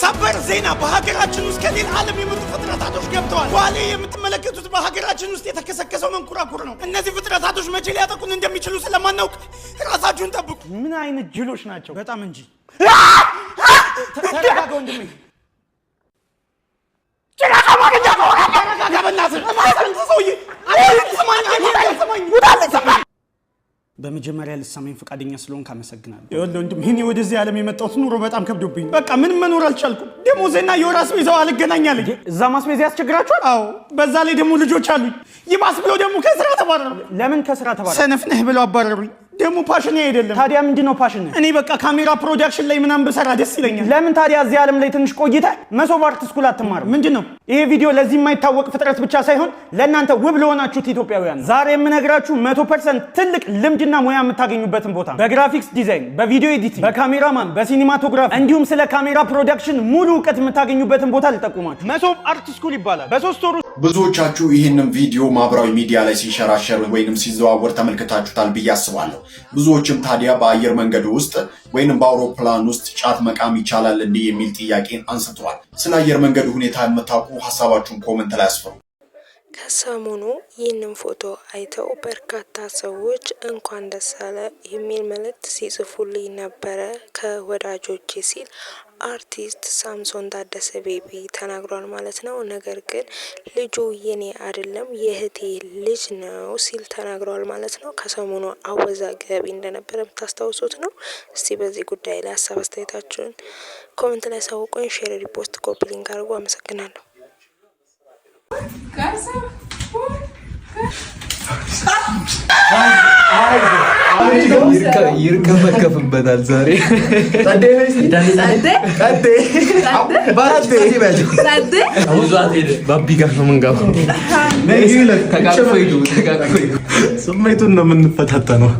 ሰበር ዜና በሀገራችን ውስጥ ከሌላ ዓለም የመጡ ፍጥረታቶች ገብተዋል። ኋላ የምትመለከቱት በሀገራችን ውስጥ የተከሰከሰው መንኮራኩር ነው። እነዚህ ፍጥረታቶች መቼ ሊያጠቁን እንደሚችሉ ስለማናውቅ ራሳችሁን ጠብቁ። ምን አይነት ጅሎች ናቸው! በጣም እንጂ። ተረጋጋ ወንድሜ። በመጀመሪያ ልትሰማኝ ፈቃደኛ ስለሆን አመሰግናለሁ። ይኸውልህ ወንድም፣ ይህኔ ወደዚህ ዓለም የመጣሁት ኑሮ በጣም ከብዶብኝ፣ በቃ ምንም መኖር አልቻልኩም። ደሞዜና የወራስ ቤዛው አልገናኛል። እዛ ማስቤዛ ያስቸግራችኋል? አዎ፣ በዛ ላይ ደግሞ ልጆች አሉኝ። ይባስ ብሎ ደግሞ ከስራ ተባረሩ። ለምን ከስራ ተባረሩ? ሰነፍ ነህ አባረሩኝ። ደግሞ ፓሽን አይደለም። ታዲያ ምንድን ነው ፓሽን? እኔ በቃ ካሜራ ፕሮዳክሽን ላይ ምናምን ብሰራ ደስ ይለኛል። ለምን ታዲያ እዚህ ዓለም ላይ ትንሽ ቆይታ መሶብ አርት ስኩል አትማርም? ምንድን ነው ይሄ ቪዲዮ ለዚህ የማይታወቅ ፍጥረት ብቻ ሳይሆን ለእናንተ ውብ ለሆናችሁት ኢትዮጵያውያን ዛሬ የምነግራችሁ መቶ ፐርሰንት ትልቅ ልምድና ሙያ የምታገኙበትን ቦታ በግራፊክስ ዲዛይን፣ በቪዲዮ ኤዲቲንግ፣ በካሜራማን፣ በሲኒማቶግራፊ እንዲሁም ስለ ካሜራ ፕሮዳክሽን ሙሉ እውቀት የምታገኙበትን ቦታ ልጠቁማችሁ። መሶብ አርት ስኩል ይባላል። በሶስት ወሩ ብዙዎቻችሁ ይህንም ቪዲዮ ማህበራዊ ሚዲያ ላይ ሲሸራሸር ወይንም ሲዘዋወር ተመልክታችሁታል ብዬ አስባለሁ። ብዙዎችም ታዲያ በአየር መንገዱ ውስጥ ወይንም በአውሮፕላን ውስጥ ጫት መቃም ይቻላል እንዲህ የሚል ጥያቄን አንስተዋል። ስለ አየር መንገዱ ሁኔታ የምታውቁ ሀሳባችሁን ኮመንት ላይ አስፈሩ። ከሰሞኑ ይህንን ፎቶ አይተው በርካታ ሰዎች እንኳን ደስ አለ የሚል መልእክት ሲጽፉልኝ ነበረ ከወዳጆቼ ሲል አርቲስት ሳምሶን ታደሰ ቤቢ ተናግሯል ማለት ነው። ነገር ግን ልጁ የኔ አይደለም የእህቴ ልጅ ነው ሲል ተናግሯል ማለት ነው። ከሰሞኑ አወዛጋቢ እንደነበረ የምታስታውሱት ነው። እስቲ በዚህ ጉዳይ ላይ ሀሳብ አስተያየታችሁን ኮመንት ላይ ሳውቆኝ፣ ሼር፣ ሪፖስት፣ ኮፒ ሊንክ አድርጎ አመሰግናለሁ። ይርከፈከፍበታል ዛሬ ባቢ ጋር ነው የምንገባው። ተቃቅፎ ሂዱ። ስሜቱን ነው የምንፈታተነው።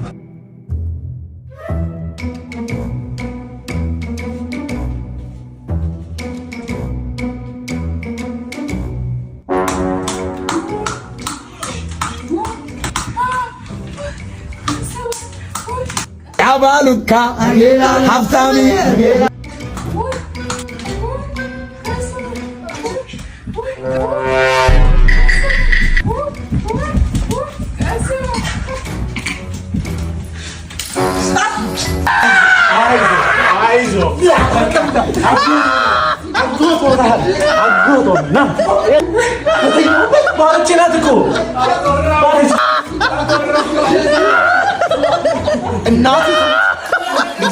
ያባሉካ ሀብታሚ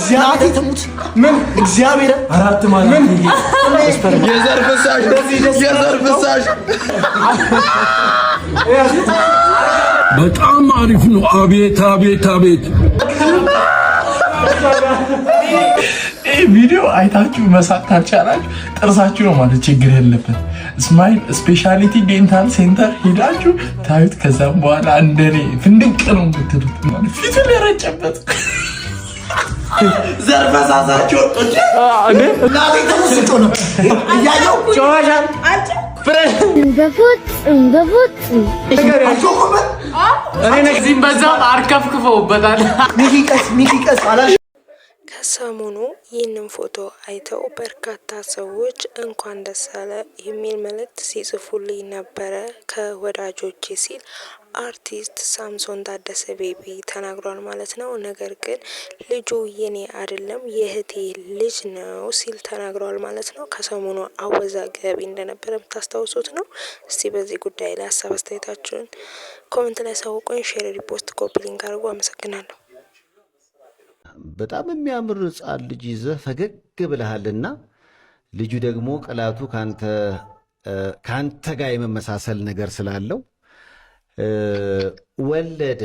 እግዚአብሔር ምን እግዚአብሔር በጣም አሪፍ ነው። አቤት አቤት አቤት። ቪዲዮ አይታችሁ መሳቅ ካልቻላችሁ ጥርሳችሁ ነው ማለት ችግር የለበት። ስማይል ስፔሻሊቲ ዴንታል ሴንተር ሄዳችሁ ታዩት። ከዛም በኋላ እንደኔ ፍንድቅ ነው የምትሉት ዘርፈሳሳቸው ከሰሞኑ ይህንን ፎቶ አይተው በርካታ ሰዎች እንኳን ደስ አለ የሚል መልእክት ሲጽፉልኝ ነበረ ከወዳጆቼ ሲል አርቲስት ሳምሶን ታደሰ ቤቢ ተናግሯል ማለት ነው። ነገር ግን ልጁ የኔ አይደለም የእህቴ ልጅ ነው ሲል ተናግሯል ማለት ነው። ከሰሞኑ አወዛጋቢ እንደነበረ የምታስታውሱት ነው። እስቲ በዚህ ጉዳይ ላይ ሀሳብ አስተያየታችሁን ኮመንት ላይ ሳውቁኝ፣ ሼር፣ ሪፖስት፣ ኮፒ አድርጎ አመሰግናለሁ። በጣም የሚያምር ህጻን ልጅ ይዘህ ፈገግ ብለሃልና ልጁ ደግሞ ቅላቱ ከአንተ ጋር የመመሳሰል ነገር ስላለው ወለደ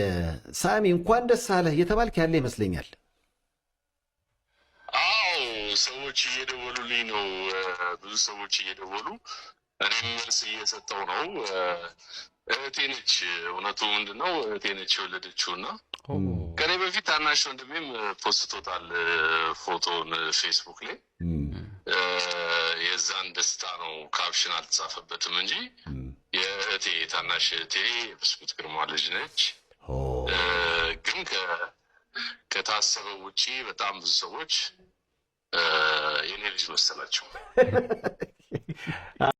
ሳሚ እንኳን ደስ አለህ እየተባልክ ያለ ይመስለኛል። አዎ ሰዎች እየደወሉልኝ ነው። ብዙ ሰዎች እየደወሉ እኔም መልስ እየሰጠው ነው። እህቴ ነች፣ እውነቱ ምንድን ነው? እህቴ ነች የወለደችው እና ከኔ በፊት ታናሽ ወንድሜም ፖስቶታል ፎቶን ፌስቡክ ላይ የዛን ደስታ ነው። ካፕሽን አልተጻፈበትም እንጂ የእህቴ ታናሽ እህቴ ብስኩት ግርማ ልጅ ነች። ግን ከታሰበው ውጪ በጣም ብዙ ሰዎች የኔ ልጅ መሰላቸው።